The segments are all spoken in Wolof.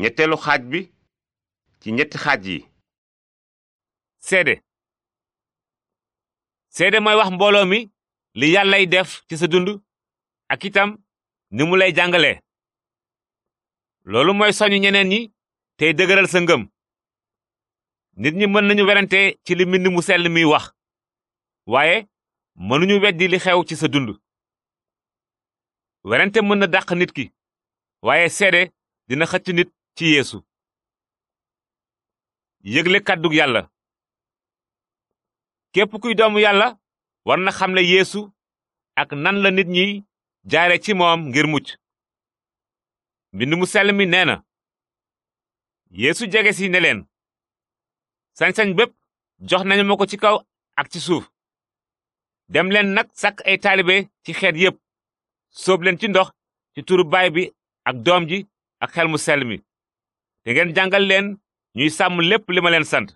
ñetteelu xaaj bi ci ñetti xaaj yi seede seede mooy wax mbooloo mi li yàllay def ci sa dund ak itam ni mu lay jàngalee loolu mooy soñu ñeneen ñi tey dëgëral sa ngëm nit ñi mën nañu werante ci li mbind mu sell mi wax waaye mënuñu weddi li xew ci sa dund werante mën na dàq nit ki waaye seede dina xëcc nit ci yeesu yëgle kàddug yàlla képp kuy doomu yàlla war na xam ne yeesu ak nan la nit ñi jaare ci moom ngir mucc mbind mu sell mi nee na yéesu jege si ne leen sañ bépp jox nañu ma ko ci kaw ak ci suuf dem leen nag sàkk ay taalibe ci xeet yépp soobleen ci ndox ci turu baay bi ak doom ji ak xel mu sell mi te ngeen jàngal leen ñuy sàmm lépp li ma leen sant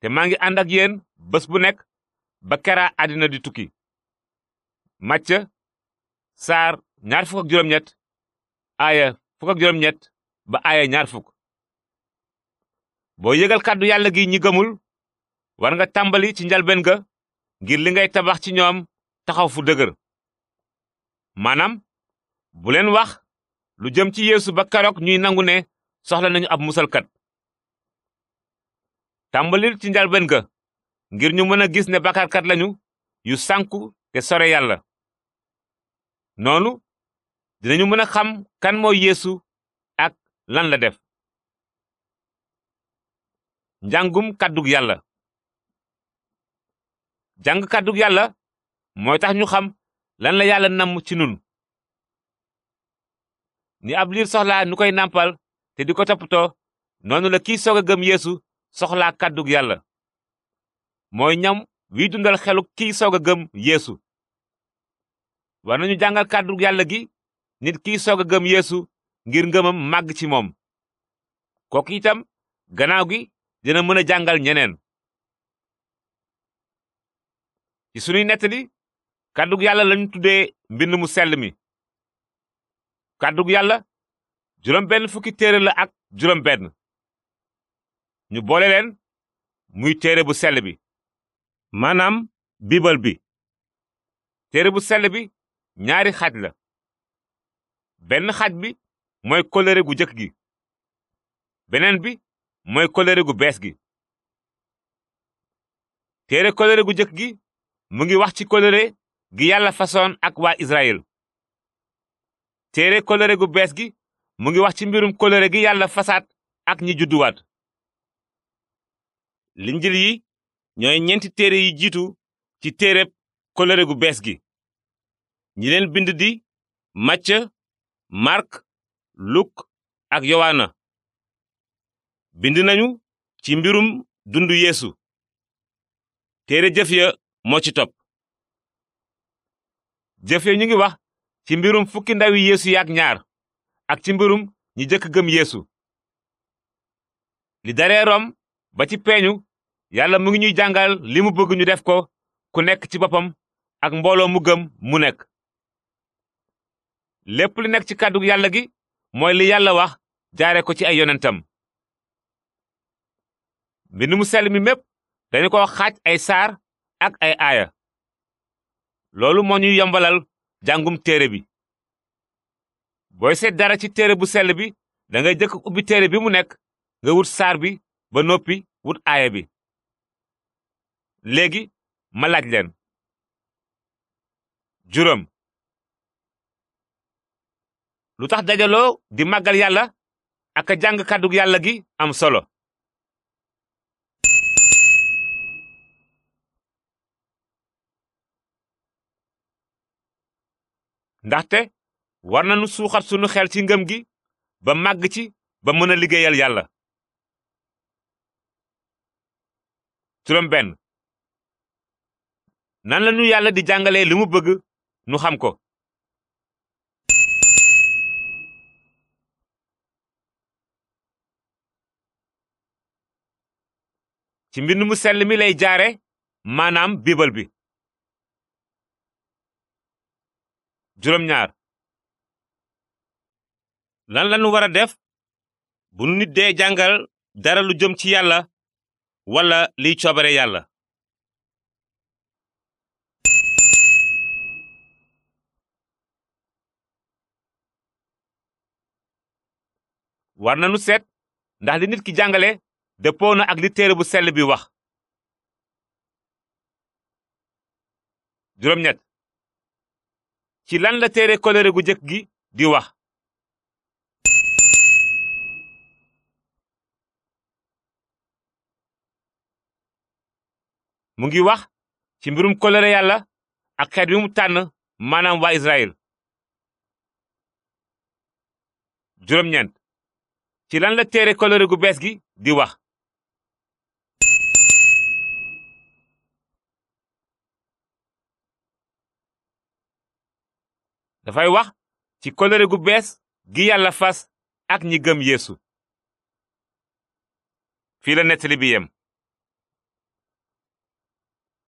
te maa ngi ànd ak yenn bés bu nekk ba keraa àddina di tukki màcc saar ñaar fukk ak aaya ba aaya ñaar fukk boo yëgal kàddu yàlla gi ñi gëmul war nga tàmbali ci njalbeen ga ngir li ngay tabax ci ñoom taxaw fu dëgër maanaam bu leen wax lu jëm ci yéesu ba keroog ñuy nangu ne soxla nañu ab musalkat tàmbalil ci njalbeen ga ngir ñu mën a gis ne bakkaarkat lañu yu sànku te sore yàlla noonu dinañu mën a xam kan mooy yéesu ak lan la def njàngum kàddug yàlla jàng kàddug yàlla mooy tax ñu xam lan la yàlla namm ci nun te di ko toppatoo noonu la kii soog a gëm yeesu soxlaa kàddug yàlla mooy ñam wiy dundal xelu kiy soog a gëm yéesu war nañu jàngal kàddug yàlla gi nit kiy soog a gëm yéesu ngir ngëmam màgg ci moom kooku itam gannaaw gi dina mën a jàngal ñeneen ci sunuy nettali kàddug yàlla lañu tuddee mbind mu sell mi kàddug yàlla juróom benn fukki téere la ak juróom benn ñu boole leen muy téere bu sell bi maanaam biibal bi téere bu sell bi ñaari xaaj la benn xaaj bi mooy kóllëre gu jëkk gi beneen bi mooy kóllëre gu bees gi téere kóllëre gu jëkk gi mu ngi wax ci kóllëre gi yàlla fasoon ak waa Israël téere kóllëre gu bees gi mu ngi wax ci mbirum kóllëre gi yàlla fasaat ak ñi judduwaat linjil yi ñooy ñeenti téere yi jiitu ci téereb kóllëre gu bees gi ñi bind di macc mark luk ak yowaana bind nañu ci mbirum dund yéesu téere jëf ya moo ci topp jëf ya ñu ngi wax ci mbirum fukki ndawi yeesu yaak ñaar ak ci mbirum ñi jëkk gëm yeesu li daree rom ba ci peeñu yàlla mu ngi ñuy jàngal li mu bëgg ñu def ko ku nekk ci boppam ak mbooloo mu gëm mu nekk lépp li nekk ci kàddu yàlla gi mooy li yàlla wax jaare ko ci ay yonentam mbind mu sell mi mépp dañu ko xaaj ay saar ak ay aaya loolu moo ñuy yombalal jàngum téere bi booy seet dara ci téere bu sell bi dangay jëkk ubbi téere bi mu nekk nga wut saar bi ba noppi wut aaya bi léegi ma leen juróom lu tax dajaloo di màggal yàlla ak a jàng kàddug yàlla gi am solo ndaxte war nañu suuxat sunu xel ci ngëm gi ba màgg ci ba mën a liggéeyal yàlla. juróom benn nan la ñu yàlla di jàngalee li mu bëgg nu xam ko. ci mbind mu sell mi lay jaare maanaam biibal bi. juróom lan la lañu war a def bu nit dee jàngal dara lu jëm ci yàlla wala liy coobare yàlla. war nañu seet ndax li nit ki jàngale dëppoo na ak téere bu sell bi wax. juróom ci lan la téere kóllëre gu jëkk gi di wax. mu ngi wax ci mbirum kolere yàlla ak xeet bi mu tànn maanaam waa Israël. ci lan téere kolere gu bees gi di wax. dafay wax ci kolere gu bees gi yàlla fas ak ñi gëm yeesu. fii la nettali bi yem.